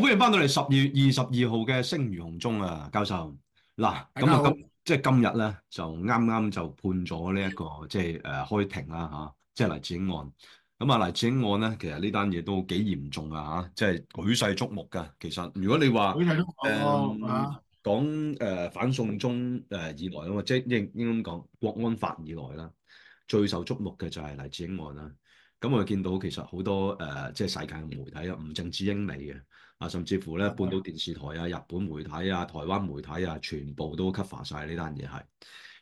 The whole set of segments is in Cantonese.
歡迎翻到嚟十二月二十二號嘅聲如洪鍾啊，教授。嗱咁啊，今即係今日咧就啱啱就判咗呢一個即係誒、呃、開庭啦吓、啊，即係黎智英案。咁啊，黎智英案咧，其實呢單嘢都幾嚴重啊嚇，即係舉世矚目嘅。其實如果你話誒講誒反送中誒、呃、以來啊嘛，即係應應該講國安法以來啦，最受矚目嘅就係黎智英案啦。咁、啊、我見到其實好多誒、呃、即係世界媒體啊，唔正之英嚟嘅。啊，甚至乎咧，半島電視台啊、日本媒體啊、台灣媒體啊，全部都 cover 晒呢單嘢，係。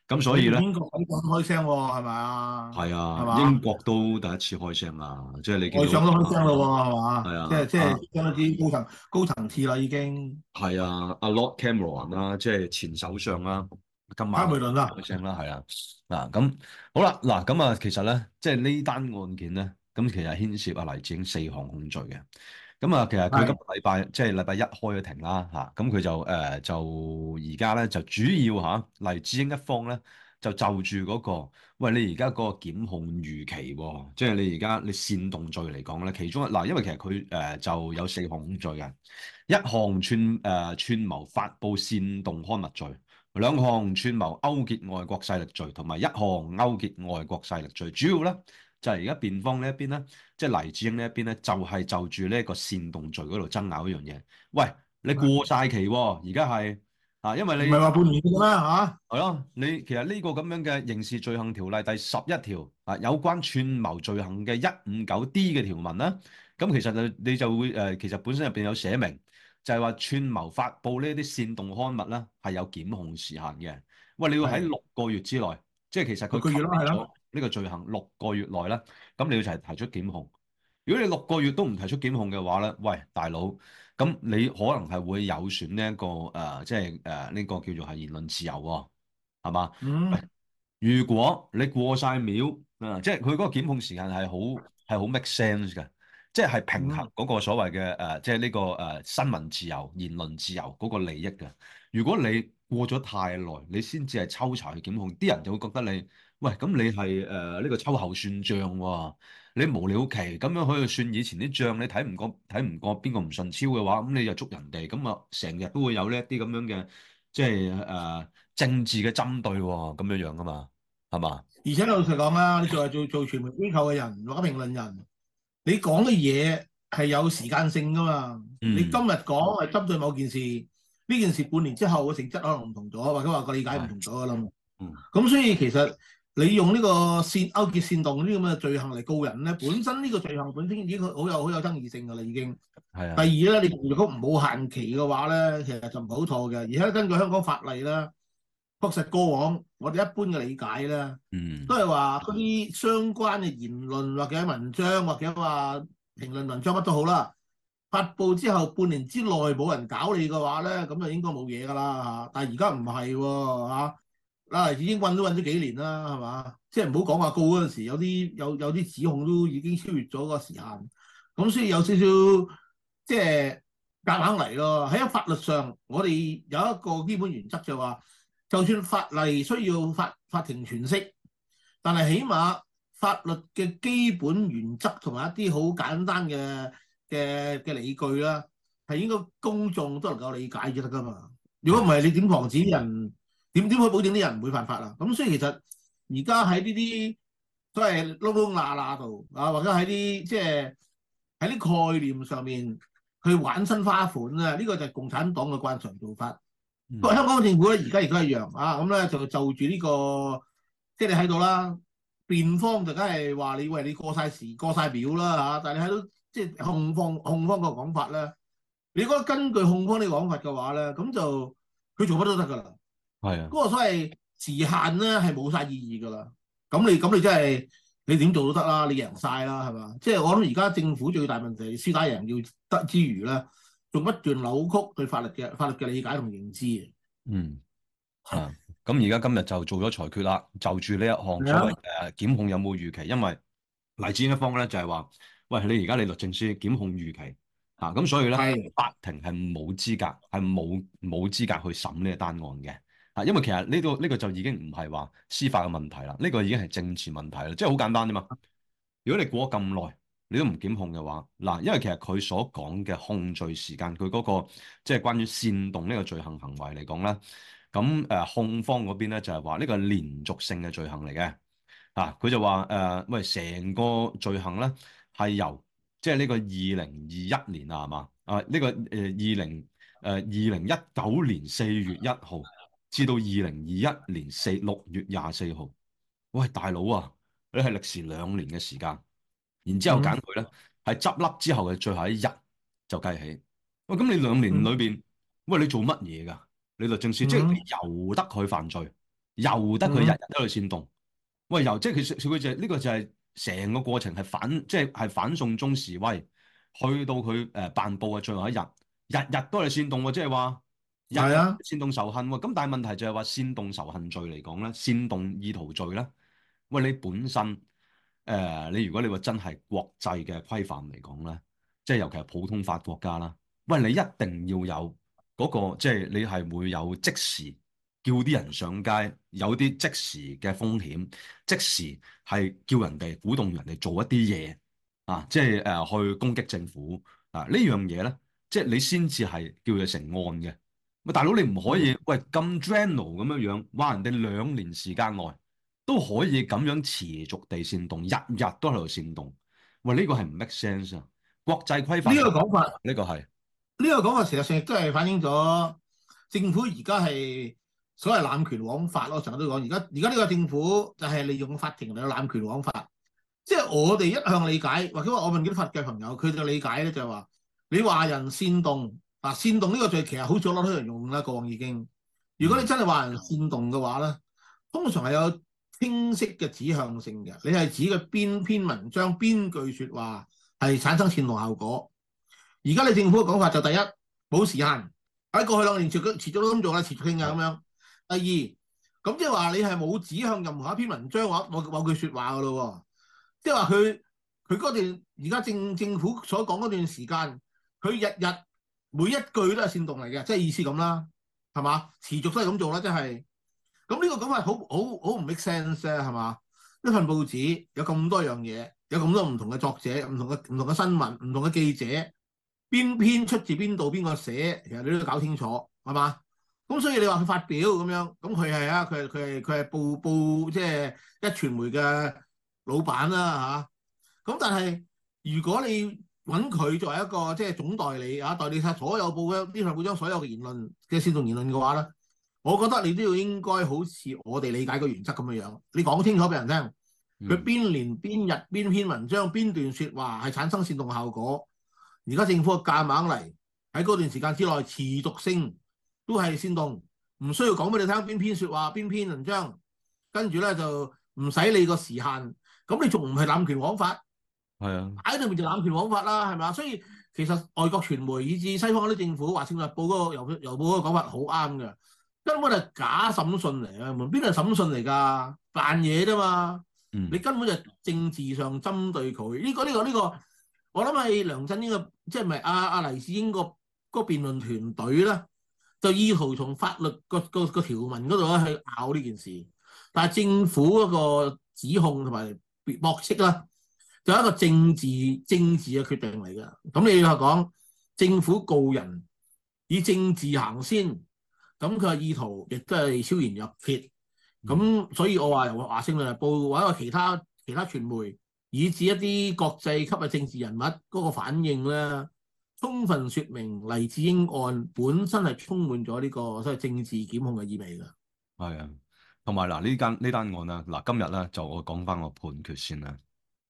咁所以咧，英國咁講開聲喎，係咪啊？係啊，係嘛？英國都第一次開聲啊，就是、啊，啊，啊，啊，啊，即係你。外相都開聲嘞喎，係嘛？係啊，即係即係將一啲高層高層次啦，已經。係啊，阿 Lord Cameron 啦，即係前首相啦、啊，今晚開聲啦，係啊。嗱咁、啊、好啦，嗱咁啊，其實咧，即係呢單案件咧，咁其實牽涉啊黎智英四項控罪嘅。咁啊，其實佢今個禮拜即係禮拜一開咗庭啦嚇，咁佢就誒、呃、就而家咧就主要嚇黎智英一方咧，就就住嗰、那個，喂，你而家嗰個檢控預期喎、哦，即、就、係、是、你而家你煽動罪嚟講咧，其中一嗱，因為其實佢誒、呃、就有四項罪啊，一項串誒串謀發布煽動刊物罪，兩項串謀勾結外國勢力罪，同埋一項勾結外國勢力罪，主要咧。就係而家辯方呢一邊咧，即係黎智英呢一邊咧，就係、是、就住呢一個煽動罪嗰度爭拗一樣嘢。喂，你過晒期喎、啊，而家係啊，因為你唔係話半年嘅咩吓？係、啊、咯，你其實呢個咁樣嘅刑事罪行條例第十一條啊，有關串謀罪行嘅一五九 D 嘅條文啦，咁其實就你就會誒，其實本身入邊有寫明，就係、是、話串謀發布呢啲煽動刊物啦，係有檢控時限嘅。喂，你要喺六個月之內，即係其實佢。六個月咯，係咯。呢、個罪行六個月內咧，咁你要就提出檢控。如果你六個月都唔提出檢控嘅話咧，喂大佬，咁你可能係會有損呢一個誒，即係誒呢個叫做係言論自由喎、哦，係嘛？嗯。如果你過晒秒啊、嗯，即係佢嗰個檢控時間係好係好 make sense 嘅，即係係平衡嗰個所謂嘅誒，即係呢個誒、呃、新聞自由、言論自由嗰個利益嘅。如果你過咗太耐，你先至係抽查去檢控，啲人就會覺得你。喂，咁你係誒呢個秋後算賬喎、啊？你無了期咁樣去算以前啲賬，你睇唔過睇唔過邊個唔順超嘅話，咁、嗯、你就捉人哋，咁啊成日都會有呢一啲咁樣嘅即係誒、呃、政治嘅針對喎、啊，咁樣樣噶嘛，係嘛？而且老實講啦，你做係做做傳媒機構嘅人或者評論人，你講嘅嘢係有時間性噶嘛、嗯？你今日講係針對某件事，呢件事半年之後嘅性質可能唔同咗，或者話個理解唔同咗嘅啦。嗯，咁所以其實。你用呢個串勾結、煽動呢啲咁嘅罪行嚟告人咧，本身呢個罪行本身已經好有好有爭議性㗎啦，已經。係啊。第二咧，你如果唔好限期嘅話咧，其實就唔好妥嘅。而且根據香港法例啦，確實過往我哋一般嘅理解咧，嗯，都係話嗰啲相關嘅言論或者文章或者話評論文章乜都好啦，發布之後半年之內冇人搞你嘅話咧，咁就應該冇嘢㗎啦嚇。但係而家唔係喎。嗱，已經運都運咗幾年啦，係嘛？即係唔好講話告嗰陣時，有啲，有啲有有啲指控都已經超越咗個時限，咁所以有少少即係夾硬嚟咯。喺法律上，我哋有一個基本原則就話，就算法例需要法法庭詮釋，但係起碼法律嘅基本原則同埋一啲好簡單嘅嘅嘅理據啦，係應該公眾都能夠理解就得㗎嘛。如果唔係，你點防止啲人？點點可以保證啲人唔會犯法啊？咁所以其實而家喺呢啲都係窿窿罅罅度啊，或者喺啲即係喺啲概念上面去玩新花款呢，呢個就係共產黨嘅慣常做法、嗯。不過香港政府咧，而家亦都係一樣啊！咁咧就就住呢個即係你喺度啦，辯方就梗係話你喂你過晒時過晒表啦嚇，但係你喺度即係控方控方個講法咧，你覺得根據控方啲講法嘅話咧，咁就佢做乜都得㗎啦。係、那、嗰個所謂時限咧，係冇晒意義噶啦。咁你咁你真、就、係、是、你點做都得啦，你贏晒啦，係嘛？即、就、係、是、我諗而家政府最大問題，輸打贏要得之餘咧，仲不斷扭曲對法律嘅法律嘅理解同認知。嗯，係咁而家今日就做咗裁決啦。 就住呢一項所謂誒，檢控有冇預期？因為黎智英一方咧就係、是、話喂，你而家你律政司檢控預期吓咁，啊、所以咧法庭係冇資格係冇冇資格去審呢一單案嘅。啊、這個這個這個，因為其實呢個呢個就已經唔係話司法嘅問題啦，呢個已經係政治問題啦。即係好簡單啫嘛。如果你過咗咁耐，你都唔檢控嘅話，嗱，因為其實佢所講嘅控罪時間，佢嗰、那個即係、就是、關於煽動呢個罪行行為嚟講咧，咁誒、呃、控方嗰邊咧就係話呢個連續性嘅罪行嚟嘅啊。佢就話誒、呃、喂，成個罪行咧係由即係呢個二零二一年啊嘛啊呢個誒二零誒二零一九年四月一號，至到二零二一年四六月廿四號，喂大佬啊，你係歷時兩年嘅時間，然後他、嗯、之後揀佢咧係執笠之後嘅最後一日就計起，嗯、喂咁你兩年裏邊、嗯，喂你做乜嘢㗎？你律政司、嗯、即係由得佢犯罪，由得佢日日都去煽動，嗯、喂由即係其實佢就呢個就係成個過程係反即係係反送中示威，去到佢誒、呃、辦報嘅最後一日，日日都係煽動喎，即係話。又係啊，煽動仇恨喎，咁但係問題就係話煽動仇恨罪嚟講咧，煽動意圖罪咧，喂你本身誒、呃，你如果你話真係國際嘅規範嚟講咧，即係尤其係普通法國家啦，喂你一定要有嗰、那個即係、就是、你係會有即時叫啲人上街，有啲即時嘅風險，即時係叫人哋鼓動人哋做一啲嘢啊，即係誒、呃、去攻擊政府啊樣呢樣嘢咧，即、就、係、是、你先至係叫做成案嘅。嗯、喂，大佬你唔可以喂咁 general 咁樣樣，話人哋兩年時間內都可以咁樣持續地煽動，日日都喺度煽動，喂呢個係唔 make sense 啊？國際規範呢個講法，呢、這個係呢、這個講法，事實上亦都係反映咗政府而家係所謂濫權枉法咯。我成日都講，而家而家呢個政府就係利用法庭嚟濫權枉法，即、就、係、是、我哋一向理解。或者我問啲法嘅朋友，佢哋嘅理解咧，就係話你話人煽動。嗱、啊，煽動呢個罪其實好少攞到人用啦，過往已經。如果你真係話人煽動嘅話咧，通常係有清晰嘅指向性嘅。你係指嘅邊篇文章、邊句説話係產生煽動效果。而家你政府嘅講法就第一冇時間喺、哎、過去兩年時，佢持續都咁做啦，持續傾啊咁樣。第二咁即係話你係冇指向任何一篇文章或某某,某句説話嘅咯喎，即係話佢佢嗰段而家政政府所講嗰段時間，佢日日。每一句都係煽動嚟嘅，即係意思咁啦，係嘛？持續都係咁做啦，即係咁呢個咁話好好好唔 make sense 咧，係嘛？呢份報紙有咁多樣嘢，有咁多唔同嘅作者、唔同嘅唔同嘅新聞、唔同嘅記者，邊篇出自邊度邊個寫？其實你都要搞清楚，係嘛？咁所以你話佢發表咁樣，咁佢係啊，佢係佢係佢係報報即係、就是、壹傳媒嘅老闆啦、啊、嚇。咁但係如果你揾佢作為一個即係總代理啊，代理晒所有報章、啲份報章所有嘅言論嘅煽動言論嘅話咧，我覺得你都要應該好似我哋理解個原則咁嘅樣，你講清楚俾人聽，佢邊年邊日邊篇文章邊段説話係產生煽動效果。而家政府嘅夾硬嚟喺嗰段時間之內持續性，都係煽動，唔需要講俾你聽邊篇説話、邊篇文章，跟住咧就唔使理你個時限，咁你仲唔係濫權枉法？係啊，喺度面就濫權枉法啦，係咪？所以其實外國傳媒以至西方嗰啲政府，《華盛頓報，嗰個，郵報》嗰個郵郵報嗰個講法好啱㗎，根本係假審訊嚟嘅，邊度審訊嚟㗎？扮嘢啫嘛。嗯，你根本就政治上針對佢。呢個呢個呢個我諗係梁振英個即係咪阿阿黎智英嗰個辯論團隊咧，就意圖從法律個個個條文嗰度咧去拗呢件事，但係政府嗰個指控同埋辯駁斥啦。就是、一個政治政治嘅決定嚟㗎，咁你又講政府告人以政治行先，咁佢嘅意圖亦都係昭然若揭，咁、嗯、所以我話由華盛頓郵報或者其他其他傳媒，以至一啲國際級嘅政治人物嗰個反應咧，充分說明黎智英案本身係充滿咗呢個所謂政治檢控嘅意味㗎。係啊，同埋嗱呢間呢單案啊，嗱今日咧就我講翻個判決先啦。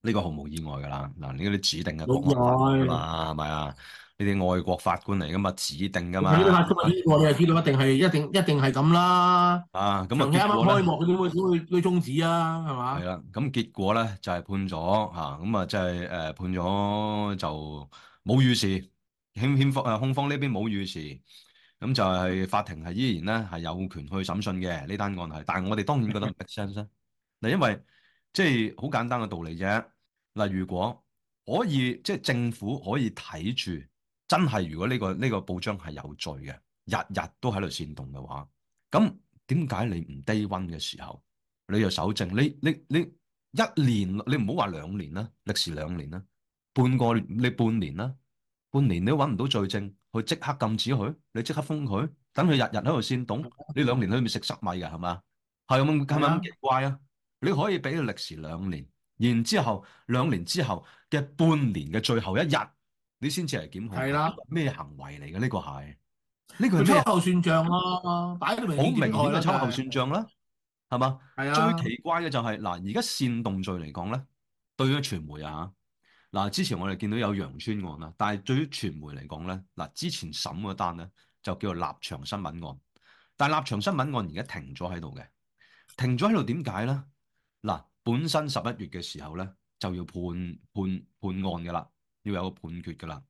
呢、這個毫無意外噶啦，嗱呢啲指定嘅法官係嘛係咪啊？呢啲外，外國法官嚟噶嘛，指定噶嘛。睇啲法官嘛，呢個你係知道一定係一定一定係咁啦。啊咁啊，啱、嗯、啱開幕嗰啲會會會中止啊，係嘛？係啦，咁結果咧就係、是、判咗嚇，咁啊即係誒判咗就冇預示，輕輕方控方呢邊冇預示，咁就係法庭係依然咧係有權去審訊嘅呢單案係，但係我哋當然覺得唔 makes sense 啦。嗱， 因為即係好簡單嘅道理啫。嗱，如果可以，即係政府可以睇住，真係如果呢個呢個報章係有罪嘅，日日都喺度煽動嘅話，咁點解你唔 day one 嘅時候，你又守正？你你你，你一年，你唔好話兩年啦，歷時兩年啦，半個你半年啦，半年你都揾唔到罪證，去即刻禁止佢，你即刻封佢，等佢日日喺度煽動，呢兩年佢咪食塞米嘅係嘛？係咪咁奇怪啊？你可以俾佢歷時兩年。然之後兩年之後嘅半年嘅最後一日，你先至係檢控，咩行為嚟嘅？呢個係呢個係咩？秋後算賬咯、啊，擺好明顯嘅秋後算賬啦、啊，係嘛？係啊。最奇怪嘅就係、是、嗱，而家煽動罪嚟講咧，對於傳媒啊，嗱之前我哋見到有羊村案啊，但係對於傳媒嚟講咧，嗱之前審嗰單咧就叫做立場新聞案，但係立場新聞案而家停咗喺度嘅，停咗喺度點解咧？嗱。本身十一月嘅時候咧就要判判判案嘅啦，要有個判決嘅啦。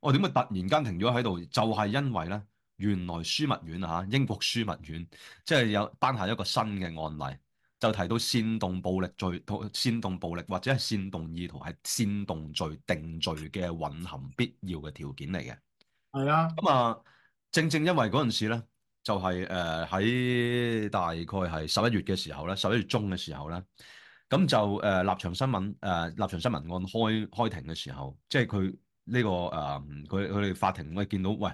我點解突然間停咗喺度？就係因為咧，原來樞密院吓，英國樞密院即係有頒下一個新嘅案例，就提到煽動暴力罪，煽動暴力或者係煽動意圖係煽動罪定罪嘅蘊含必要嘅條件嚟嘅。係啊，咁啊，正正因為嗰陣時咧，就係誒喺大概係十一月嘅時候咧，十一月中嘅時候咧。咁就誒、呃、立場新聞誒、呃、立場新聞案開開庭嘅時候，即係佢呢個誒佢佢哋法庭會見到喂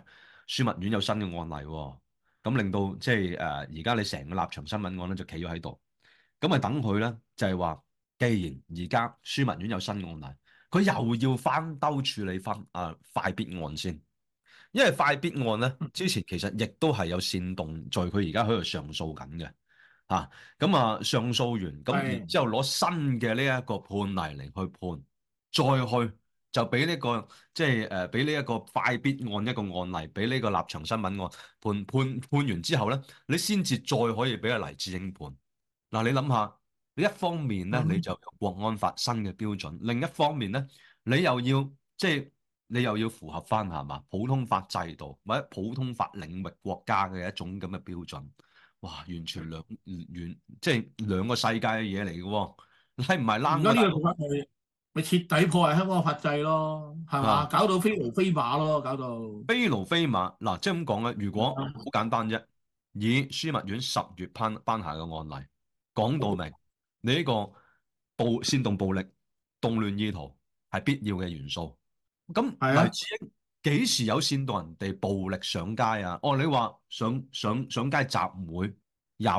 樞密院有新嘅案例，哦，咁令到即係誒而家你成個立場新聞案咧就企咗喺度，咁咪等佢咧就係、是、話，既然而家樞密院有新案例，佢又要翻兜處理翻啊、呃、快必案先，因為快必案咧之前其實亦都係有煽動在佢而家喺度上訴緊嘅。啊，咁啊，上訴完，咁然之後攞新嘅呢一個判例嚟去判，再去就俾呢、這個即係誒俾呢一個快必案一個案例，俾呢個立場新聞案判判判完之後咧，你先至再可以俾個黎智英判嗱、啊，你諗下，你一方面咧你就用國安法新嘅標準、嗯，另一方面咧你又要即係、就是、你又要符合翻係嘛普通法制度或者普通法領域國家嘅一種咁嘅標準。哇！完全兩完，即係兩個世界嘅嘢嚟嘅喎，你唔係冷，咗呢個做法，佢佢徹底破壞香港嘅法制咯，係嘛、啊？搞到非驢非馬咯，搞到非驢非馬。嗱，即係咁講嘅。如果好、啊、簡單啫，以樞密院十月判判下嘅案例講到明，你呢個暴煽動暴力、動亂意圖係必要嘅元素。咁係。幾時有煽動人哋暴力上街啊？哦，你話上上上街集會有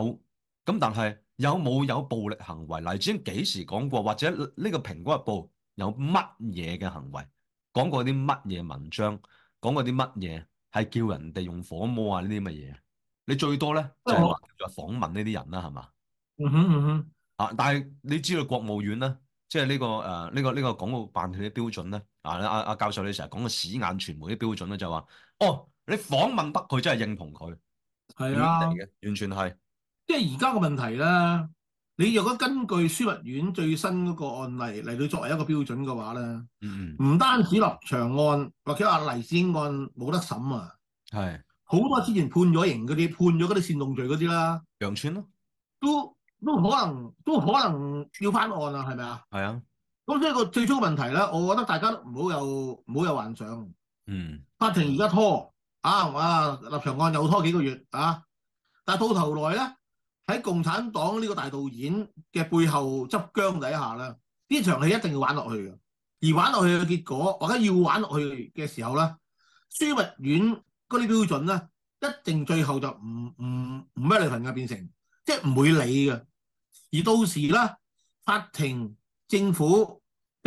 咁，但係有冇有有暴力行為？黎智英幾時講過？或者呢、這個蘋果日報有乜嘢嘅行為？講過啲乜嘢文章？講過啲乜嘢係叫人哋用火魔啊？呢啲乜嘢？你最多咧就係訪問呢啲人啦，係嘛？嗯哼、就是、嗯哼、嗯嗯嗯、啊！但係你知道國務院咧，即係呢個誒呢、呃這個呢、這個港澳、這個、辦佢嘅標準咧？嗱、啊，阿阿教授你，你成日講個屎眼傳媒啲標準咧，就話哦，你訪問得佢，真係認同佢，係啊，完全係。即係而家個問題咧，你若果根據樞密院最新嗰個案例嚟到作為一個標準嘅話咧，唔、嗯、單止立場案，或者阿黎先案冇得審啊，係好多之前判咗刑嗰啲，判咗嗰啲煽動罪嗰啲啦，羊村咯，都都可能都可能要翻案啊，係咪啊？係啊。咁呢個最初問題咧，我覺得大家唔好有唔好有幻想。嗯，法庭而家拖啊，哇、啊，立場案又拖幾個月啊！但係到頭來咧，喺共產黨呢個大導演嘅背後執僵底下咧，呢場戲一定要玩落去嘅。而玩落去嘅結果，或者要玩落去嘅時候咧，樞密院嗰啲標準咧，一定最後就唔唔唔咩嚟嘅變成，即係唔會理嘅。而到時咧，法庭、政府，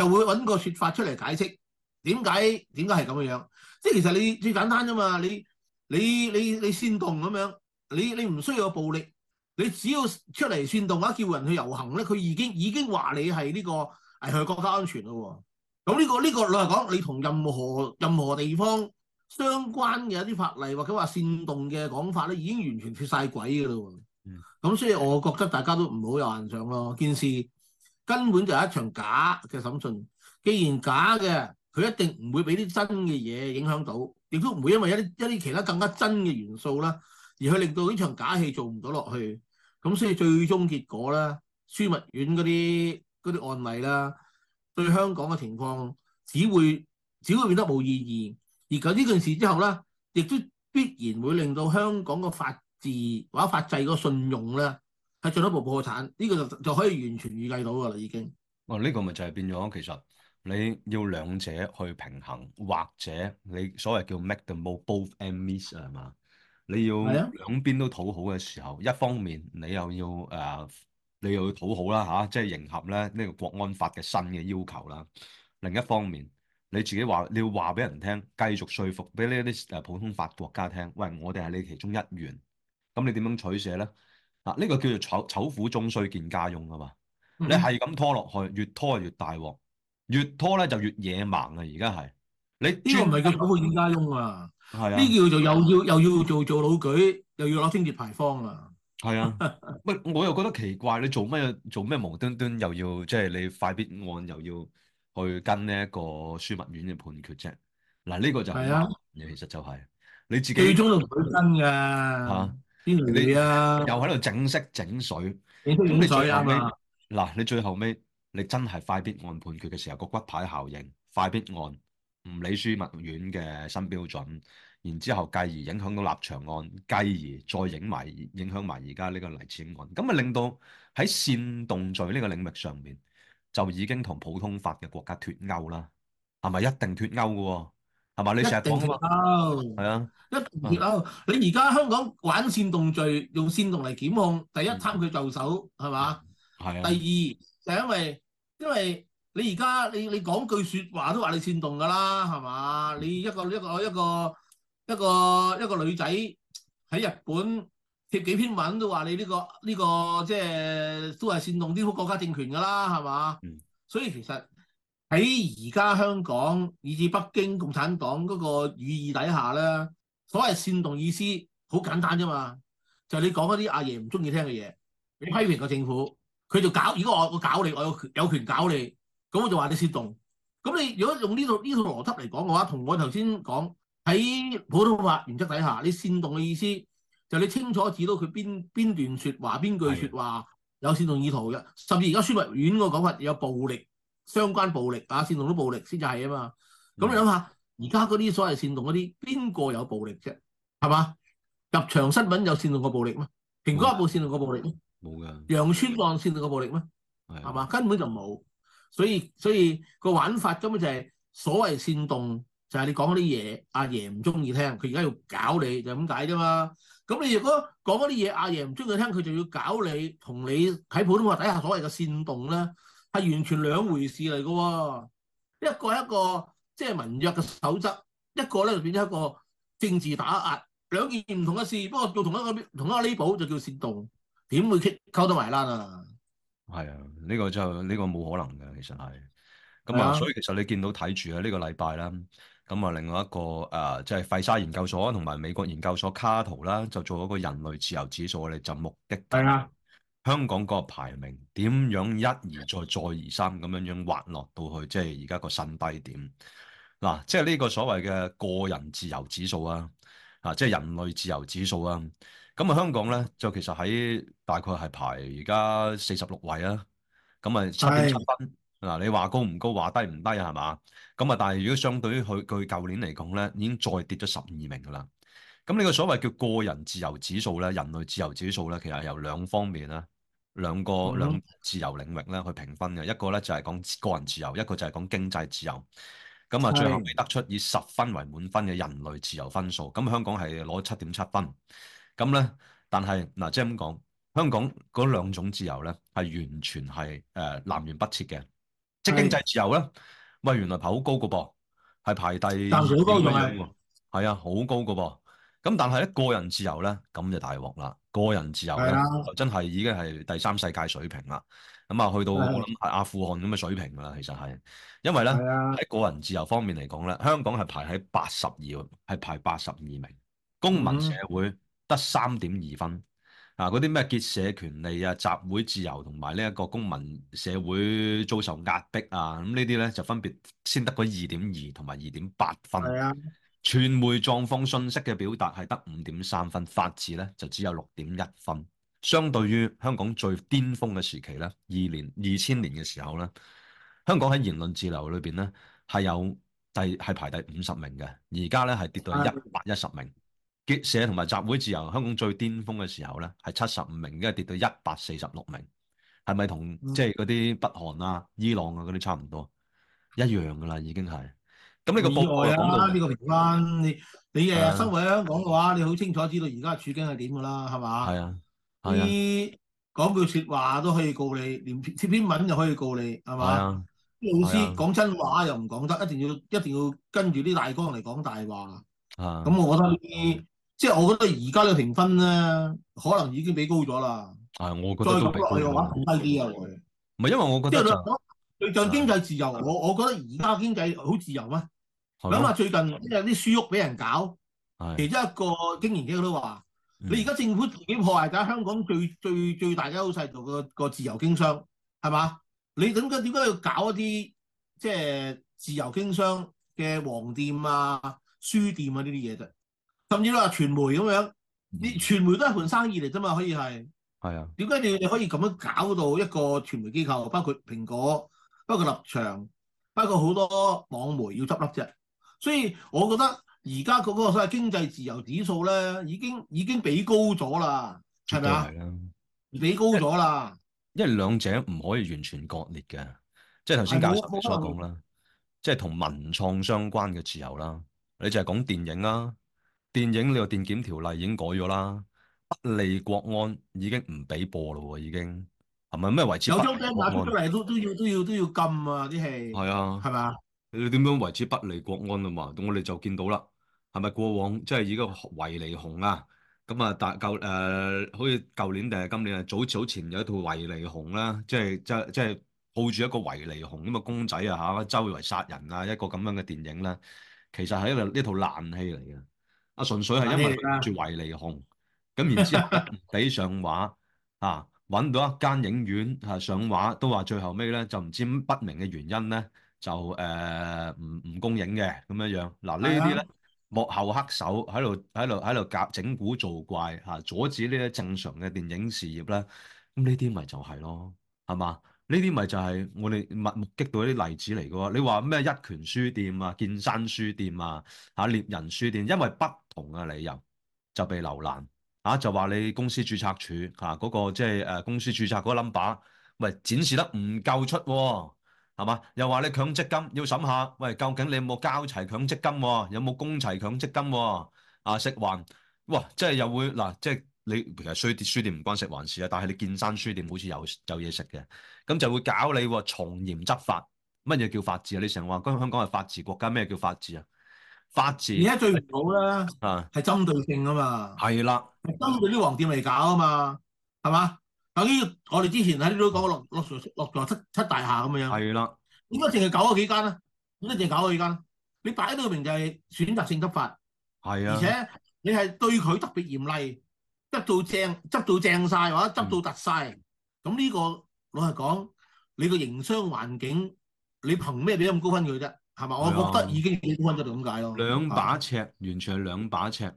就會揾個說法出嚟解釋，點解點解係咁樣樣，即係其實你最簡單啫嘛，你你你你，你，你煽動咁樣，你你唔需要暴力，你只要出嚟煽動啊，叫人去遊行咧，佢已經已經話你係呢個誒國家安全咯喎、哦，咁呢個呢個來講，你同任何任何地方相關嘅一啲法例或者話煽動嘅講法咧，已經完全脫晒軌噶咯喎，嗯，咁所以我覺得大家都唔好有幻想咯，件事，根本就係一場假嘅審訊，既然假嘅，佢一定唔會俾啲真嘅嘢影響到，亦都唔會因為一啲一啲其他更加真嘅元素啦，而去令到呢場假戲做唔到落去，咁所以最終結果啦，樞密院嗰啲嗰啲案例啦，對香港嘅情況只會只會變得冇意義，而搞呢件事之後咧，亦都必然會令到香港個法治或者法制個信用啦，係進一步破產，呢、這個就就可以完全預計到㗎啦，已經。哦，呢、這個咪就係變咗，其實你要兩者去平衡，或者你所謂叫 make the move both and miss 啊嘛，你要兩邊都討好嘅時候，一方面你又要誒、呃，你又要討好啦嚇、啊，即係迎合咧呢個國安法嘅新嘅要求啦。另一方面，你自己話你要話俾人聽，繼續説服俾呢一啲誒普通法國家聽，喂，我哋係你其中一員，咁你點樣取捨咧？嗱、啊、呢、這個叫做醜醜婦終須見家翁啊嘛！你係咁拖落去，越拖越大鑊，越拖咧就越野蠻啊！而家係你呢、這個唔係叫醜婦見家翁啊？係啊，呢叫做又要又要做又要做老舉，又要攞清潔牌坊啊！係啊，乜 我又覺得奇怪，你做乜做咩無端端又要即係、就是、你快必案又要去跟呢一個樞密院嘅判決啫、啊？嗱、啊，呢、這個就係啊，其實就係、是、你自己最終都唔會跟嘅嚇。邊唔啊！又喺度整色整水，咁你,你最後尾嗱，你最後尾你真係快必案判決嘅時候，個骨牌效應，快必案唔理樞密院嘅新標準，然之後繼而影響到立場案，繼而再影埋影響埋而家呢個黎智英案。咁啊令到喺煽動罪呢個領域上面就已經同普通法嘅國家脱鈎啦，係咪一定脱鈎噶？係嘛？你成日講啊，係啊，一定啊，你而家香港玩煽動罪，用煽動嚟檢控，第一貪佢就手，係嘛？係啊。第二就是、因為，因為你而家你你講句說話都話你煽動噶啦，係嘛？你一個一個一個一個一個，一個女仔喺日本貼幾篇文都話你呢、這個呢、這個即係、就是、都係煽動顛覆國家政權噶啦，係嘛、啊？所以其實。喺而家香港以至北京共產黨嗰個語意底下咧，所謂的煽動意思好簡單啫嘛，就係、你講嗰啲阿爺唔中意聽嘅嘢，你批評個政府，佢就搞。如果我我搞你，我有有權搞你，咁我就話你煽動。咁你如果用呢套呢套邏輯嚟講嘅話，同我頭先講喺普通法原則底下，你煽動嘅意思就係你清楚指到佢邊邊段説話、邊句説話有煽動意圖嘅，甚至而家樞密院個講法有暴力。相關暴力啊，煽動啲暴力先就係啊嘛。咁你諗下，而家嗰啲所謂煽動嗰啲，邊個有暴力啫？係嘛？立場新聞有煽動嘅暴力咩？蘋果日報煽動嘅暴力咩？冇嘅。羊村案煽動嘅暴力咩？係啊。係嘛？根本就冇。所以所以個玩法根本就係、是、所謂煽動，就係、是、你講嗰啲嘢，阿爺唔中意聽，佢而家要搞你就咁解啫嘛。咁你如果講嗰啲嘢，阿爺唔中意聽，佢就要搞你，同你睇普通話底下所謂嘅煽動咧，係完全兩回事嚟嘅喎，一個一個即係民約嘅守則，一個咧就變咗一個政治打壓，兩件唔同嘅事。不過做同一個同一個 label 就叫煽動，點會傾溝得埋拉啊？係啊，呢個就呢個冇可能嘅，其實係。咁啊，所以其實你見到睇住啊，呢個禮拜啦，咁啊，另外一個啊，即係費沙研究所同埋美國研究所卡圖啦，就做咗一個人類自由指數，我哋就目的。係啊。香港個排名點樣一而再，再而三咁樣樣滑落到去，即係而家個新低點。嗱、啊，即係呢個所謂嘅個人自由指數啊，啊，即係人類自由指數啊。咁啊，香港咧就其實喺大概係排而家四十六位啊。咁啊，七點七分。嗱，你話高唔高，話低唔低啊？係嘛。咁啊，但係如果相對於佢佢舊年嚟講咧，已經再跌咗十二名噶啦。咁呢個所謂叫個人自由指數咧，人類自由指數咧，其實係由兩方面啦。兩個兩自由領域咧去評分嘅，一個咧就係、是、講個人自由，一個就係講經濟自由。咁啊，最後未得出以十分為滿分嘅人類自由分數。咁香港係攞七點七分。咁咧，但係嗱，即係咁講，香港嗰兩種自由咧係完全係誒南轅北轍嘅，即係經濟自由咧，咪原來排好高噶噃，係排第但、就是，但係好高用嘅，係啊，好高噶噃。咁但係咧個人自由咧，咁就大鑊啦。個人自由咧、啊，真係已經係第三世界水平啦。咁啊，去到我諗阿富汗咁嘅水平啦、啊。其實係，因為咧喺、啊、個人自由方面嚟講咧，香港係排喺八十二，係排八十二名。公民社會得三點二分，啊嗰啲咩結社權利啊、集會自由同埋呢一個公民社會遭受壓迫啊，咁呢啲咧就分別先得嗰二點二同埋二點八分。傳媒狀況，信息嘅表達係得五點三分，法治咧就只有六點一分。相對於香港最巔峰嘅時期咧，二年二千年嘅時候咧，香港喺言論自由裏邊咧係有第係排第五十名嘅，而家咧係跌到一百一十名。結社同埋集會自由，香港最巔峰嘅時候咧係七十五名，而家跌到一百四十六名，係咪同即係嗰啲北韓啊、伊朗啊嗰啲差唔多一樣噶啦？已經係。咁呢個意外啊！呢、呢個評分，你你誒生活喺香港嘅話，你好清楚知道而家處境係點嘅啦，係嘛？係啊，係啊。講句説話都可以告你，連貼篇文就可以告你，係嘛、啊啊？老師講真話又唔講得，一定要一定要跟住啲大哥嚟講大話。啊。咁我覺得呢啲，即係、啊就是、我覺得而家嘅評分咧，可能已經畀高咗啦。係、啊，我覺得。再講落去嘅話，低啲啊，會。唔係，因為我覺得。最近經濟自由，我我覺得而家經濟好自由咩？諗下最近有啲書屋俾人搞，其中一個經營機構都話、嗯：你而家政府自己破壞緊香港最最最大嘅優勢就、嗰個、嗰個自由經商，係嘛？你點解點解要搞一啲即係自由經商嘅黃店啊、書店啊這些東西呢啲嘢啫？甚至都話傳媒咁樣、嗯，你傳媒都係一盤生意嚟啫嘛，可以係係啊？點解你你可以咁樣搞到一個傳媒機構，包括蘋果？不過立場，不過好多網媒要執笠啫，所以我覺得而家嗰個所謂經濟自由指數咧，已經已經俾高咗啦，係咪俾高咗啦？因為兩者唔可以完全割裂嘅，即係頭先教授所講啦，即係同文創相關嘅自由啦，你就係講電影啦，電影你個電檢條例已經改咗啦，不利國安已經唔俾播啦，已經。係咪咩為之？有張機馬出嚟都都，都要都要都要禁啊！啲戲係啊，係嘛？你點樣為之不利國安啊嘛？我哋就見到啦，係咪過往即係而家維尼熊啊？咁啊，大舊誒，好似舊年定係今年啊？早早前有一套維尼熊啦，即係即係即係抱住一個維尼熊咁嘅公仔啊吓，周圍殺人啊，一個咁樣嘅電影咧，其實係一個呢套爛戲嚟嘅，啊，純粹係因為抱住維尼熊，咁然之後唔俾上畫啊。 揾到一間影院嚇上畫，都話最後尾咧就唔知不明嘅原因咧就誒唔唔公映嘅咁樣樣，嗱呢啲咧、嗯、幕後黑手喺度喺度喺度夾整蠱做怪嚇阻止呢啲正常嘅電影事業啦，咁呢啲咪就係咯係嘛？呢啲咪就係我哋目目擊到一啲例子嚟嘅喎。你話咩一拳書店啊、見山書店啊、嚇、啊、獵人書店，因為不同嘅理由就被留難。啊，就話你公司註冊處嚇嗰、啊那個即係誒公司註冊嗰個 number，喂展示得唔夠出、啊，係嘛？又話你強積金要審下，喂究竟你有冇交齊強積金、啊，有冇供齊強積金啊？啊食環，哇，即係又會嗱、啊，即係你其實、啊、書店書店唔關食環事啊，但係你見山書店好似有有嘢食嘅，咁就會搞你、啊、從嚴執法。乜嘢叫法治啊？你成日話香港係法治國家，咩叫法治啊？而家最唔好咧，係針對性啊嘛，係啦，是針對啲黃店嚟搞啊嘛，係嘛？我哋之前喺呢度講落落座落，落七七大廈咁嘅樣，係啦。點解淨係搞咗幾間咧？點解淨係搞咗幾間？你擺到明就係選擇性執法，係啊。而且你係對佢特別嚴厲，執到正執到正晒，或者執到特晒。咁呢、呢個老實講，你個營商環境，你憑咩俾咁高分佢啫？係咪？我覺得已經幾高分咁解咯。兩把尺完全係兩把尺，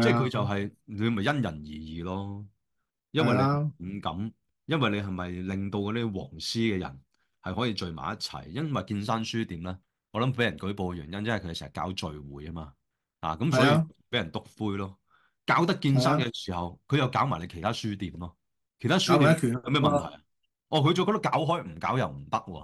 即係佢就係你咪因人而異咯。因為你唔敢，因為你係咪令到嗰啲黃絲嘅人係可以聚埋一齊？因為建山書店咧，我諗俾人舉報嘅原因，因為佢哋成日搞聚會啊嘛。啊咁，所以俾人督灰咯。搞得建山嘅時候，佢又搞埋你其他書店咯。其他書店有咩問題我啊？哦，佢做嗰啲搞開唔搞又唔得喎。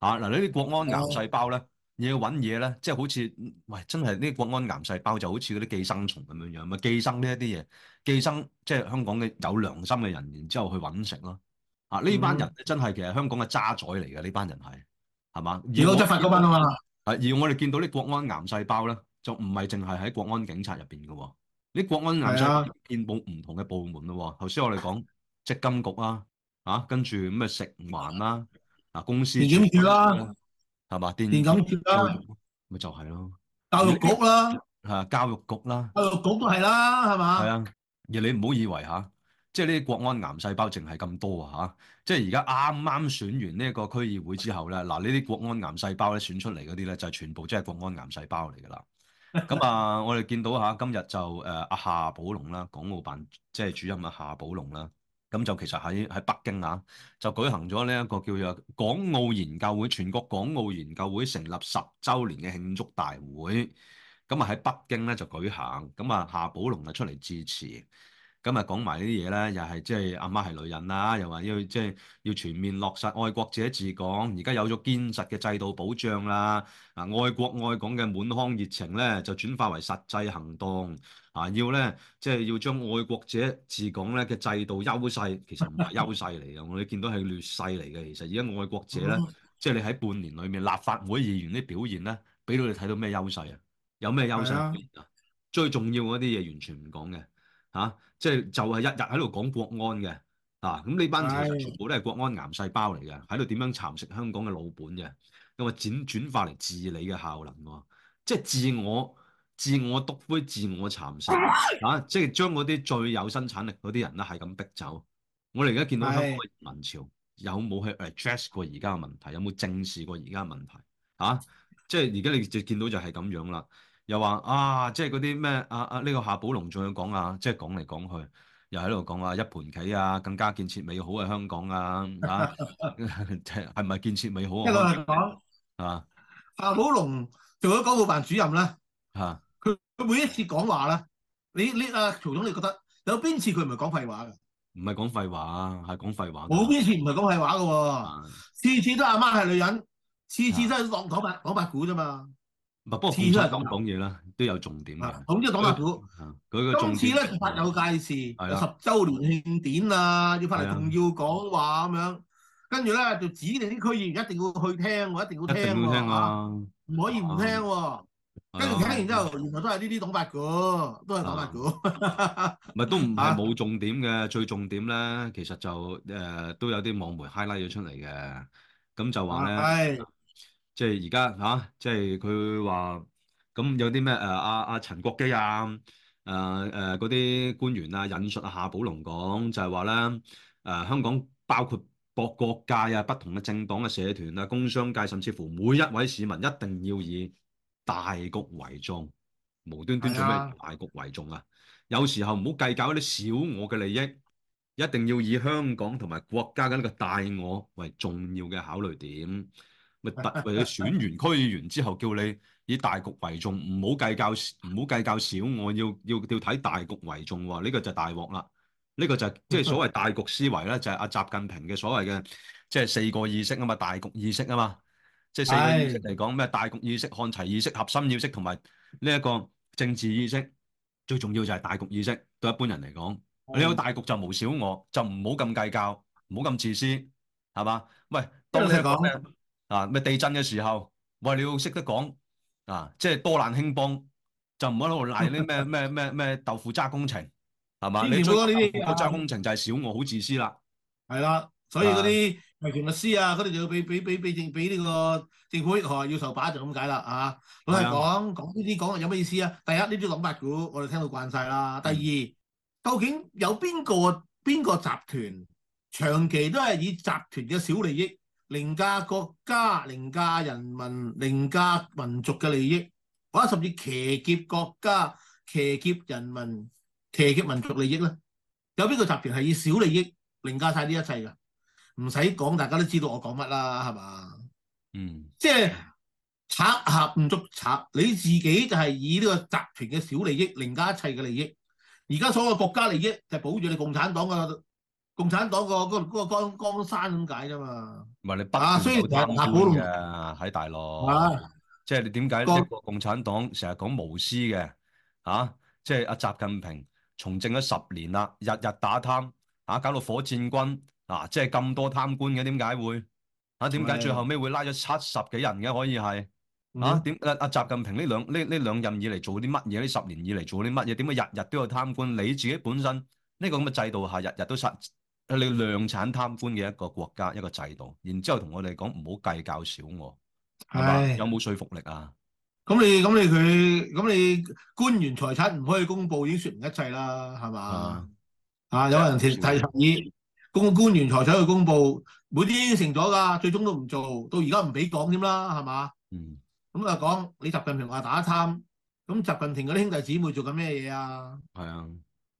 嗱、啊，你啲國安癌細胞咧？你要揾嘢咧，即、就、係、是、好似喂，真係啲國安癌細胞就好似嗰啲寄生蟲咁樣樣，咪寄生呢一啲嘢，寄生即係、就是、香港嘅有良心嘅人，然之後去揾食咯。啊，呢、嗯、班人真係其實香港嘅渣滓嚟嘅，呢、嗯、班人係係嘛？而我執法班啊嘛。係而我哋見到啲國安癌細胞咧，就唔係淨係喺國安警察入邊嘅喎，啲國安癌細胞、啊、見到唔同嘅部門咯。頭先我哋講積金局啦、啊，啊跟住咁啊食環啦、啊，嗱、啊、公司、啊。廉政署啦。係嘛？電電感線啦，咪、啊啊、就係、是、咯。教育局啦，係教育局啦。教育局都係啦，係嘛？係啊，而你唔好以為吓、啊，即係呢啲國安癌細胞淨係咁多啊吓！即係而家啱啱選完呢個區議會之後咧，嗱呢啲國安癌細胞咧選出嚟嗰啲咧就係、是、全部即係國安癌細胞嚟噶啦。咁 啊，我哋見到吓、啊、今日就誒阿、啊、夏寶龍啦，港澳辦即係、就是、主任啊夏寶龍啦。咁就其實喺喺北京啊，就舉行咗呢一個叫做港澳研究會全國港澳研究會成立十週年嘅慶祝大會，咁啊喺北京咧就舉行，咁啊夏寶龍啊出嚟致辭。今日講埋呢啲嘢咧，又係即係阿媽係女人啦，又話要即係、就是、要全面落實愛國者治港。而家有咗堅實嘅制度保障啦，啊，愛國愛港嘅滿腔熱情咧，就轉化為實際行動啊！要咧即係要將愛國者治港咧嘅制度優勢，其實唔係優勢嚟嘅。我 哋見到係劣勢嚟嘅。其實而家愛國者咧，即 係你喺半年裏面立法會議員啲表現咧，俾到你睇到咩優勢啊？有咩優勢啊？ 最重要嗰啲嘢完全唔講嘅。嚇、啊，即係就係日日喺度講國安嘅，啊，咁呢班其實全部都係國安癌細胞嚟嘅，喺度點樣蠶食香港嘅老本嘅，因、啊、為轉轉化嚟治理嘅效能喎、啊，即係自我自我篤灰、自我蠶食，啊，即係將嗰啲最有生產力嗰啲人咧，係咁逼走。我哋而家見到香港嘅民潮，有冇去 address 過而家嘅問題？有冇正視過而家嘅問題？啊，即係而家你見到就係咁樣啦。又話啊，即係嗰啲咩啊啊？呢、呢個夏寶龍仲要講啊，即係講嚟講去，又喺度講啊，一盤棋啊，更加建設美好嘅香港啊！係係唔係建設美好？一路係講啊，夏寶龍做咗港澳辦主任啦，啊，佢每一次講話啦，你你啊曹總，你覺得有邊次佢唔係講廢話嘅？唔係講廢話，係講廢話。冇邊次唔係講廢話嘅喎、啊？次、啊、次都阿媽係女人，次次都係講講白講白股啫嘛。啊不過始終係咁講嘢啦，都有重點嘅，啊。總之黨八股，佢個重點咧，次煞有介事，係啦，十周年慶典啊，要翻嚟重要講話咁樣，跟住咧就指定啲區議員一定要去聽，我一定要聽，唔，啊啊，可以唔聽。跟住，啊啊，聽完之後，原來都係呢啲黨八股，都係黨八股。唔係 都唔係冇重點嘅，最重點咧，其實就誒，呃，都有啲網媒 highlight 咗出嚟嘅，咁就話咧。即係而家嚇，即係佢話咁有啲咩，誒阿阿陳國基啊，誒誒嗰啲官員啊引述阿、啊、夏寶龍講就係話咧，誒香港包括博各界啊不同嘅政黨嘅社團啊工商界，甚至乎每一位市民一定要以大局為重，無端端做咩大局為重啊，啊？有時候唔好計較一啲小我嘅利益，一定要以香港同埋國家嘅呢個大我為重要嘅考慮點。特為咗選完區議員之後，叫你以大局為重，唔好計較小，唔好計較小。我要要要睇大局為重喎，呢個就大鑊啦。呢個就即係所謂大局思維咧，就係阿習近平嘅所謂嘅即係四個意識啊嘛，大局意識啊嘛。即係四個意識嚟講，咩大局意識、看齊意識、核心意識同埋呢一個政治意識，最重要就係大局意識。對一般人嚟講，你、嗯、有大局就冇小我，就唔好咁計較，唔好咁自私，係嘛？喂，當你講咩。啊！咪地震嘅時候，喂，你要識得講啊，即係多難興邦，就唔好喺度賴啲咩咩咩咩豆腐渣工程，係嘛？你做嗰啲豆腐渣工程就係小我好自私啦。係啦，所以嗰啲維權律師啊，佢哋就要俾俾俾俾政俾呢個政府，要受把就咁解啦。啊，老係講講呢啲講有咩意思啊？第一，呢啲諗法股我哋聽到慣晒啦。第二，究、嗯、竟有邊個邊個集團長期都係以集團嘅小利益？凌駕國家、凌駕人民、凌駕民族嘅利益，或者甚至騎劫國家、騎劫人民、騎劫民族利益啦。有邊個集團係以小利益凌駕晒呢一切噶？唔使講，大家都知道我講乜啦，係嘛？嗯，即係賊合唔足賊，你自己就係以呢個集團嘅小利益凌駕一切嘅利益。而家所有國家利益就保住你共產黨噶共產黨個嗰個江江山咁解啫嘛，唔、啊、係你啊雖然大貪官嘅喺大陸，即係你點解呢個共產黨成日講無私嘅啊？即係阿習近平從政咗十年啦，日日打貪啊，搞到火箭軍啊，即係咁多貪官嘅，點解會啊？點解最後尾會拉咗七十幾人嘅可以係啊？點阿阿習近平呢兩呢呢兩任以嚟做啲乜嘢？呢十年以嚟做啲乜嘢？點解日日都有貪官？你自己本身呢個咁嘅制度下，日日都出。誒，你量產貪官嘅一個國家，一個制度，然之後同我哋講唔好計較小我，係有冇說服力啊？咁你咁你佢咁你官員財產唔可以公布，已經說明一切啦，係嘛、嗯？啊，有人提提提議公官員財產去公布，每啲應承咗噶，最終都唔做到，而家唔俾講添啦，係嘛？咁、嗯、啊，講你習近平話打貪，咁習近平嗰啲兄弟姊妹做緊咩嘢啊？係啊，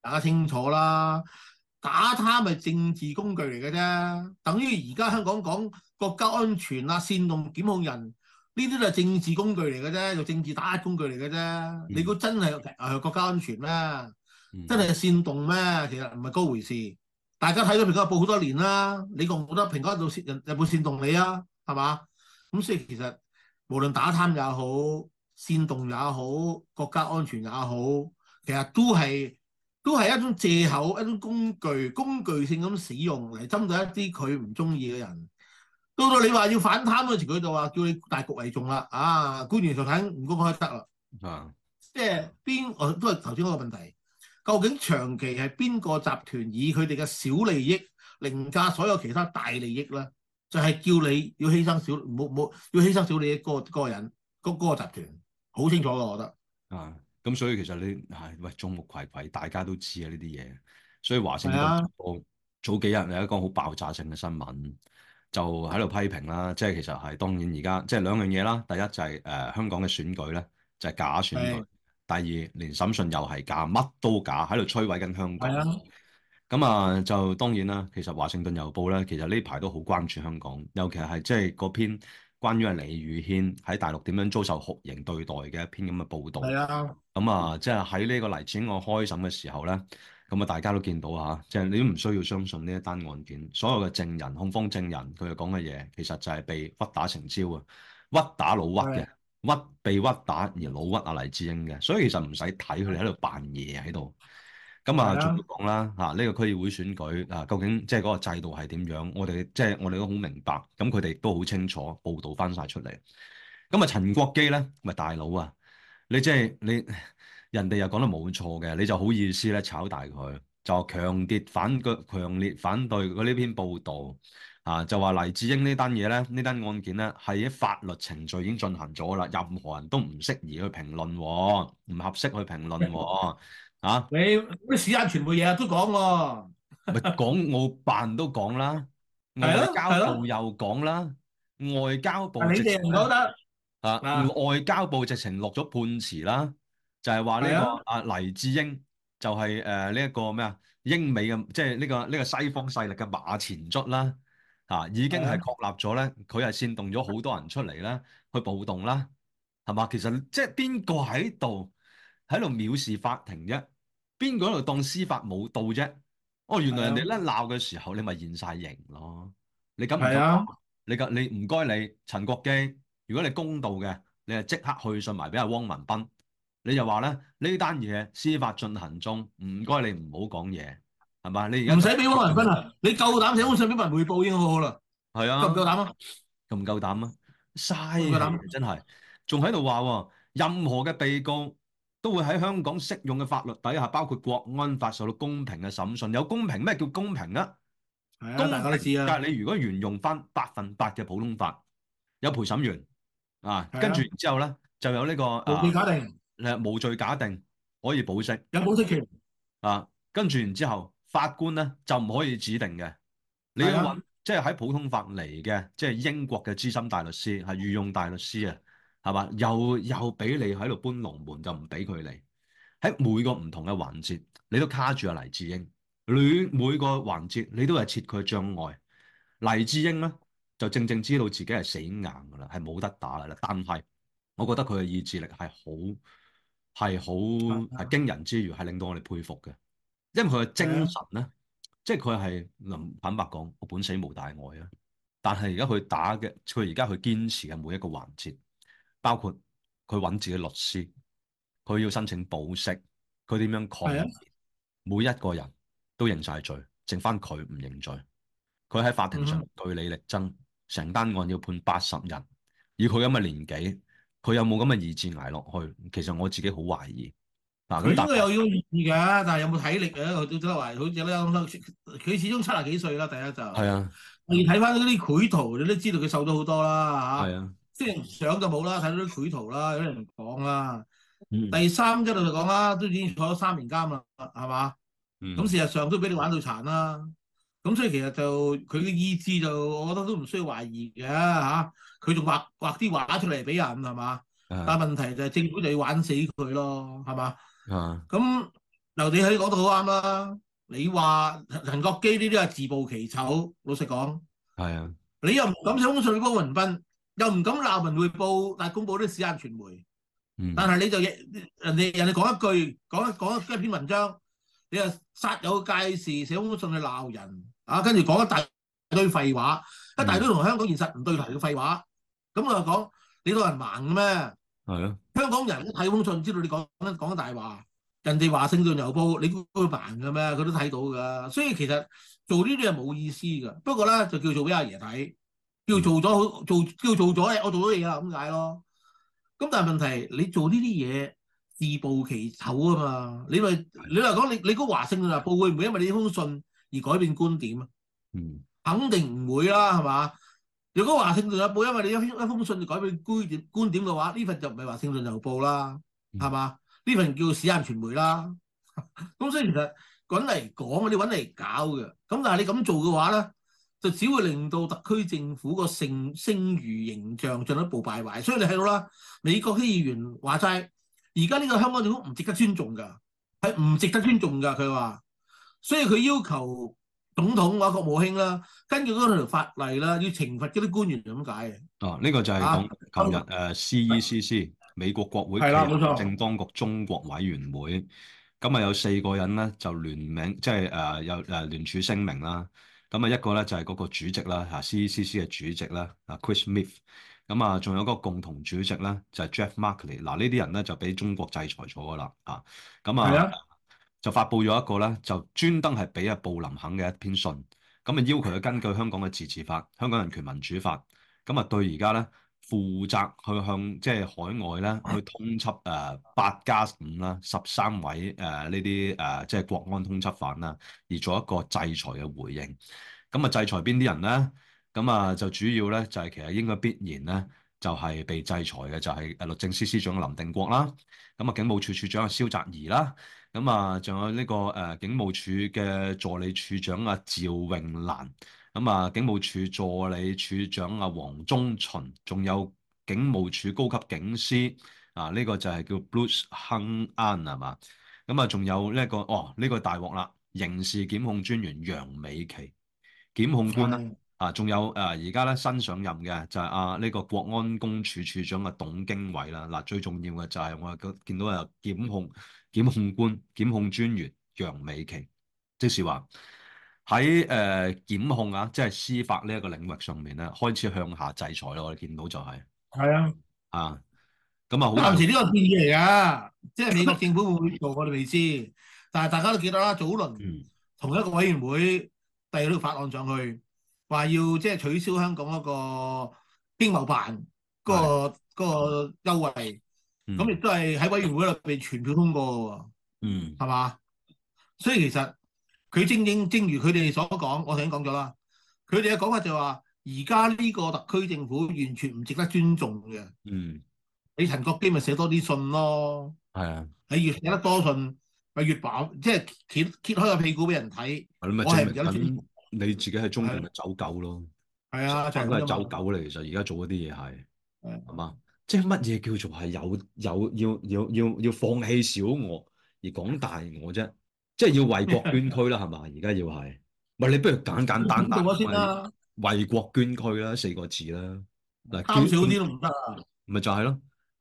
大家清楚啦。打貪咪政治工具嚟嘅啫，等於而家香港講國家安全啊，煽動檢控人呢啲都係政治工具嚟嘅啫，就政治打壓工具嚟嘅啫。你估真係啊國家安全咩、嗯？真係煽動咩？其實唔係嗰回事。大家睇咗、啊《蘋果日報》好多年啦，你覺得蘋果日報煽人有冇煽動你啊？係嘛？咁所以其實無論打貪也好，煽動也好，國家安全也好，其實都係。都係一種藉口，一種工具，工具性咁使用嚟針對一啲佢唔中意嘅人。到到你話要反貪嗰陣時，佢就話叫你大局為重啦。啊，官員受賄唔公開得啦。啊，即係邊？我都係頭先嗰個問題，究竟長期係邊個集團以佢哋嘅小利益凌駕所有其他大利益咧？就係、係、叫你要犧牲小冇冇要，要，要犧牲小利益、嗰個、嗰個人嗰、嗰個集團，好清楚嘅，我覺得。啊。咁所以其實你係、哎、喂眾目睽睽，大家都知啊呢啲嘢。所以華盛頓郵報早幾日有一個好爆炸性嘅新聞，就喺度批評啦。即、就、係、是、其實係當然而家即係兩樣嘢啦。第一就係、是、誒、呃、香港嘅選舉咧就係、是、假選舉，第二連審訊又係假，乜都假喺度摧毀緊香港。咁啊，就當然啦。其實華盛頓郵報咧，其實呢排都好關注香港，尤其係即係嗰篇關於阿李宇軒喺大陸點樣遭受酷刑對待嘅一篇咁嘅報導。咁啊，即係喺呢個黎智英開審嘅時候咧，咁啊大家都見到啊，即係你都唔需要相信呢一單案件，所有嘅證人控方證人佢哋講嘅嘢，其實就係被屈打成招啊，屈打老屈嘅，屈被屈打而老屈啊黎智英嘅，所以其實唔使睇佢哋喺度扮嘢喺度。咁啊，仲要講啦嚇，呢個區議會選舉啊，究竟即係嗰個制度係點樣？我哋即係我哋都好明白，咁佢哋都好清楚報導翻晒出嚟。咁啊，陳國基咧，咪大佬啊！你即、就、係、是、你人哋又講得冇錯嘅，你就好意思咧炒大佢？就強烈反對，強烈反對佢呢篇報道啊！就話黎智英呢單嘢咧，呢單案件咧，喺法律程序已經進行咗啦，任何人都唔適宜去評論，唔合適去評論喎。你啲時間全部嘢都講喎，咪港澳辦都講啦，外交部又講啦，外交部你哋唔覺得。啊，啊，啊！外交部直情落咗判詞啦，就係話呢個阿黎智英就係誒呢一個咩啊？英美嘅即係呢個呢、呢個西方勢力嘅馬前卒啦，嚇、啊、已經係確立咗咧，佢、啊、係煽動咗好多人出嚟啦，去暴動啦，係嘛？其實即係邊個喺度喺度藐視法庭啫？邊個喺度當司法冇道啫？哦，原來人哋咧鬧嘅時候，啊、你咪現晒形咯，你咁唔、啊？你嘅你唔該你陳國基。如果你公道嘅，你就即刻去信埋俾阿汪文斌，你就話咧，呢單嘢司法進行中，唔該你唔好講嘢，係嘛？你而家唔使俾汪文斌啦，你夠膽寫封信俾文匯報已經好好啦。係啊，夠唔夠膽啊？夠唔夠膽啊？嘥啊！真係仲喺度話任何嘅被告都會喺香港適用嘅法律底下，包括國安法受到公平嘅審訊。有公平，咩叫公平啊？係啊，大家你知啊。但係你如果沿用翻百分百嘅普通法，有陪審員。啊，跟住然之後咧，就有呢、這個、啊、無罪假定，誒、啊、無罪假定可以保釋，有保釋權。啊，跟住然之後，法官咧就唔可以指定嘅。你要即係喺普通法嚟嘅，即係英國嘅資深大律師，係御用大律師啊，係嘛？又又俾你喺度搬龍門，就唔俾佢嚟。喺每個唔同嘅環節，你都卡住阿黎智英，每每個環節你都係設佢障礙。黎智英咧？就正正知道自己係死硬噶啦，係冇得打噶啦。但係我覺得佢嘅意志力係好係好係驚人之餘，係令到我哋佩服嘅。因為佢嘅精神咧、嗯，即係佢係能坦白講，我本死無大礙啊。但係而家佢打嘅，佢而家佢堅持嘅每一個環節，包括佢揾自己律師，佢要申請保釋，佢點樣抗？每一個人都認晒罪，剩返佢唔認罪。佢喺法庭上據理力爭。成單案要判八十人，以佢咁嘅年紀，佢有冇咁嘅意志捱落去？其實我自己好懷疑。嗱、啊，佢應該有要意嘅，但係有冇體力啊？佢都得話，好似咧咁多，佢始終七啊幾歲啦，第一就係啊。你睇翻嗰啲繪圖，你都知道佢瘦咗好多啦嚇。係啊，即係相就冇啦，睇到啲繪圖啦，有啲人講啦、嗯。第三一路就講啦，都已經坐咗三年監啦，係嘛？咁、嗯、事實上都俾你玩到殘啦。咁所以其實就佢嘅意志就，我覺得都唔需要懷疑嘅吓。佢仲畫畫啲畫出嚟俾人係嘛？Uh-huh. 但係問題就係政府就要玩死佢咯，係嘛？咁嗱，地喺講得好啱啦。你話陳、啊、國基呢啲係自暴其醜，老實講。係啊。你又唔敢寫封信去幫民憤，又唔敢鬧文匯報，但公佈啲時限傳媒。Uh-huh. 但係你就人哋人哋講一句，講講一,一,一篇文章，你又煞有介事，寫封信去鬧人。啊，跟住講一大堆廢話，嗯、一大堆同香港現實唔對頭嘅廢話，咁我就講你當人盲嘅咩？係啊，香港人睇封信知道你講緊講大話，人哋華盛頓郵報你都會盲嘅咩？佢都睇到㗎，所以其實做呢啲係冇意思㗎。不過咧就叫做俾阿爺睇，叫做咗、嗯、做,做叫做咗我做咗嘢啦，咁解咯。咁但係問題你做呢啲嘢自暴其醜啊嘛？你咪你話講你你嗰個華盛頓郵報會唔會因為你呢封信？而改變觀點啊，嗯，肯定唔會啦，係嘛？如果華盛頓郵報，因為你一一封信就改變觀點觀點嘅話，呢份就唔係華盛頓郵報啦，係嘛？呢、嗯、份叫時任傳媒啦。咁所以其實揾嚟講，你揾嚟搞嘅。咁但係你咁做嘅話咧，就只會令到特區政府個剩剩餘形象進一步敗壞。所以你睇到啦，美國嘅議員話齋，而家呢個香港政府唔值得尊重㗎，係唔值得尊重㗎。佢話。所以佢要求總統嘅話，國務卿啦，根據嗰條法例啦，要懲罰嗰啲官員，就咁解嘅。哦，呢個就係講琴日誒，C.E.C.C.、啊、美國國會嘅政當局中國委員會，咁啊有四個人咧就聯名，即係誒有誒聯署聲明啦。咁啊一個咧就係嗰個主席啦，嚇 C.E.C.C. 嘅主席啦，啊 Chris Smith。咁啊仲有個共同主席啦，就係、是、Jeff Markley。嗱呢啲人咧就俾中國制裁咗噶啦。嚇咁啊。就發布咗一個咧，就專登係俾阿布林肯嘅一篇信，咁啊要求佢根據香港嘅自治法、香港人權民主法，咁啊對而家咧負責去向即係、就是、海外咧去通緝誒八加五啦十三位誒呢啲誒即係國安通緝犯啦，而做一個制裁嘅回應。咁啊制裁邊啲人咧？咁啊就主要咧就係、是、其實應該必然咧就係、是、被制裁嘅就係、是、誒律政司司長林定國啦，咁啊警務處處長蕭澤頤啦。咁啊，仲有呢、這個誒、呃、警務處嘅助理處長啊，趙榮蘭，咁啊警務處助理處長啊，黃忠群，仲有警務處高級警司啊，呢、這個就係叫 Bruce Hung An 係嘛？咁啊，仲有呢、這個，哦，呢、這個大鑊啦，刑事檢控專員楊美琪，檢控官。嗯啊，仲有啊，而家咧新上任嘅就係阿呢個國安公署署長嘅董經緯啦。嗱，最重要嘅就係我見到啊，檢控、檢控官、檢控專員楊美琪，即是話喺誒檢控啊，即係司法呢一個領域上面咧，開始向下制裁咯。我哋見到就係，係啊，啊，咁啊，暫時呢個建議嚟噶，即係美國政府會唔會做我哋未知， 但係大家都記得啦，早輪同一個委員會遞呢個法案上去。話要即係取消香港嗰個經貿辦嗰、嗰個嗰、嗰個優惠，咁、嗯、亦都係喺委員會度被全票通過喎。嗯，係嘛？所以其實佢正正正如佢哋所講，我頭先講咗啦，佢哋嘅講法就係話，而家呢個特區政府完全唔值得尊重嘅。嗯，你陳國基咪寫多啲信咯。係啊，你越寫得多信，咪越把即係揭揭開個屁股俾人睇。我係有得。嗯你自己喺中意咪走狗咯？係啊，全部都係走狗嚟。其實而家做嗰啲嘢係係嘛？即係乜嘢叫做係有有要要要要放棄小我而講大我啫？即係要為國捐軀啦，係 嘛？而家要係，唔係你不如簡簡單單啦。為國捐軀啦，四個字啦。嗱，貪少啲都唔得啊！咪就係咯，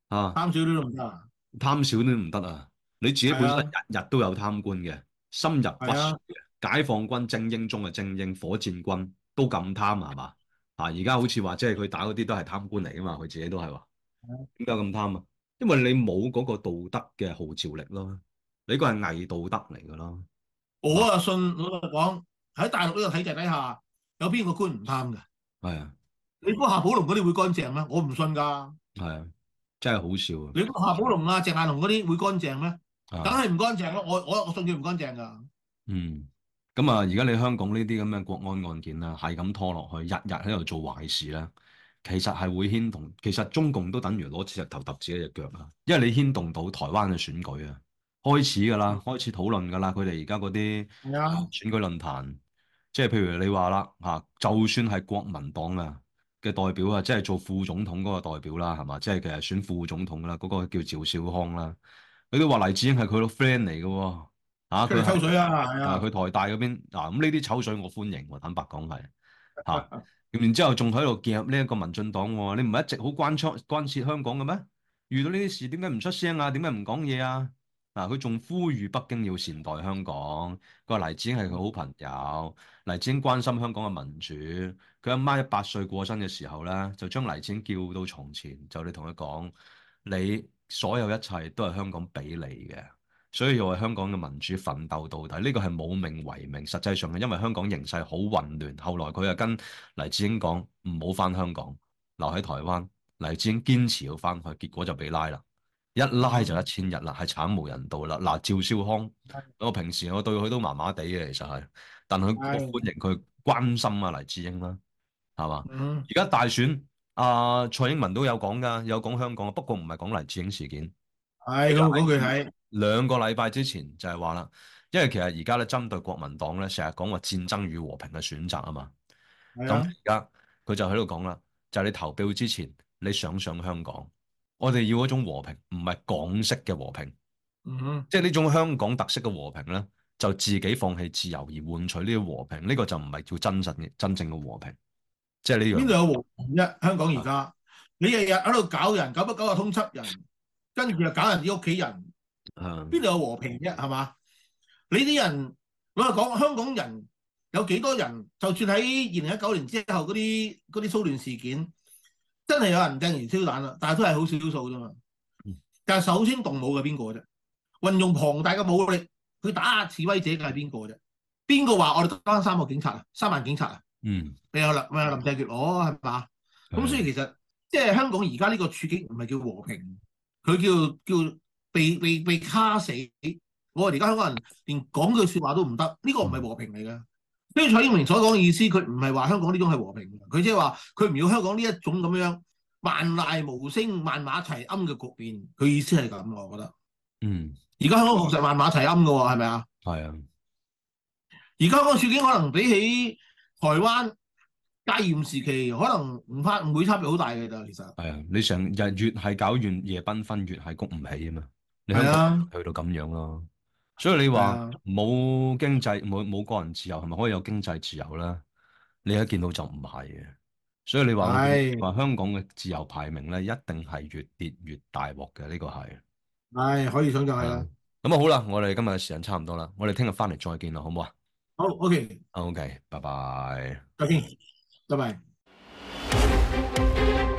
貪啊！貪少啲都唔得啊！貪少啲都唔得啊，啊！你自己本身日日、啊、都有貪官嘅，深入骨髓嘅。解放軍精英中嘅精英，火箭軍都咁貪係嘛？啊！而家好似話，即係佢打嗰啲都係貪官嚟噶嘛？佢自己都係話，點解咁貪啊？因為你冇嗰個道德嘅號召力咯。你個係偽道德嚟㗎囉。我啊信老實講，喺大陸呢個體制底下，有邊個官唔貪㗎？係啊，你估個夏寶龍嗰啲會乾淨咩？我唔信㗎。係啊，真係好笑啊！你估個夏寶龍啊、鄭雁龍嗰啲會乾淨咩？梗係唔乾淨啦、啊！我我我信佢唔乾淨㗎。嗯。咁啊！而家你香港呢啲咁嘅國安案件啊，係咁拖落去，日日喺度做壞事啦。其實係會牽動，其實中共都等於攞日頭揼自己隻腳啊，因為你牽動到台灣嘅選舉啊，開始噶啦，開始討論噶啦。佢哋而家嗰啲選舉論壇，即係譬如你話啦嚇，就算係國民黨啊嘅代表啊，即係做副總統嗰個代表啦，係嘛？即係其實選副總統啦，嗰個叫趙少康啦，佢都話黎智英係佢個 friend 嚟嘅喎。啊！佢抽水啦、啊啊，啊！佢台大嗰邊咁呢啲抽水，我歡迎，我坦白講係嚇。啊、 然之後仲喺度介入呢一個民進黨喎，你唔係一直好關出關切香港嘅咩？遇到呢啲事點解唔出聲啊？點解唔講嘢啊？嗱、啊，佢仲呼籲北京要善待香港。個黎智英係佢好朋友，黎智英關心香港嘅民主。佢阿媽一百歲過身嘅時候咧，就將黎智英叫到牀前，就嚟同佢講：你所有一切都係香港俾你嘅。所以要為香港嘅民主奮鬥到底，呢、這個係冇命為命。實際上，因為香港形勢好混亂，後來佢又跟黎智英講唔好翻香港，留喺台灣。黎智英堅持要翻去，結果就被拉啦。一拉就一千日啦，係慘無人道啦。嗱，趙少康，我平時我對佢都麻麻地嘅，其實係，但係我歡迎佢關心啊黎智英啦，係嘛？而、嗯、家大選，阿、呃、蔡英文都有講㗎，有講香港，不過唔係講黎智英事件。係講具體。他兩個禮拜之前就係話啦，因為其實而家咧針對國民黨咧，成日講話戰爭與和平嘅選擇啊嘛。咁而家佢就喺度講啦，就係、是、你投票之前，你想上香港，我哋要一種和平，唔係港式嘅和平。嗯、即係呢種香港特色嘅和平咧，就自己放棄自由而換取呢個和平，呢、這個就唔係叫真實嘅真正嘅和平。即係呢樣邊度有和平啫？香港而家你日日喺度搞人，搞不搞？個通緝人，跟住又搞人啲屋企人。邊、嗯、度有和平啫？係嘛？你啲人我係講香港人有幾多人？就算喺二零一九年之後嗰啲、嗰啲騷亂事件，真係有人掟燃燒彈啦，但係都係好少數啫嘛。但係首先動武嘅邊個啫？運用龐大嘅武力去打壓示威者嘅係邊個啫？邊個話我哋當三個警察啊？三萬警察啊？嗯，俾阿林俾林鄭、嗯、月娥係嘛？咁所以其實即係香港而家呢個處境唔係叫和平，佢叫叫。叫被被被卡死。我話而家香港人連講句説話都唔得，呢、這個唔係和平嚟嘅。所、嗯、以蔡英文所講嘅意思，佢唔係話香港呢種係和平的，佢即係話佢唔要香港呢一種咁樣萬籟無聲、萬馬齊喑嘅局面。佢意思係咁，我覺得。嗯，而家香港確實是萬馬齊喑嘅喎，係、嗯、咪啊？係啊。而家香港處境可能比起台灣戒嚴時期，可能唔怕唔會差別好大嘅啫。其實係啊，你成日越係搞完夜繽紛，越係谷唔起啊嘛～係啦，去到咁樣咯、啊啊，所以你話冇經濟冇冇個人自由，係咪可以有經濟自由咧？你一見到就唔係嘅，所以你話話香港嘅自由排名咧，一定係越跌越大鑊嘅，呢、這個係係可以想象嘅。咁啊好啦，我哋今日嘅時間差唔多啦，我哋聽日翻嚟，再見啦，好唔好啊？好，OK，OK，拜拜，okay. Okay, bye bye. 再見，拜拜。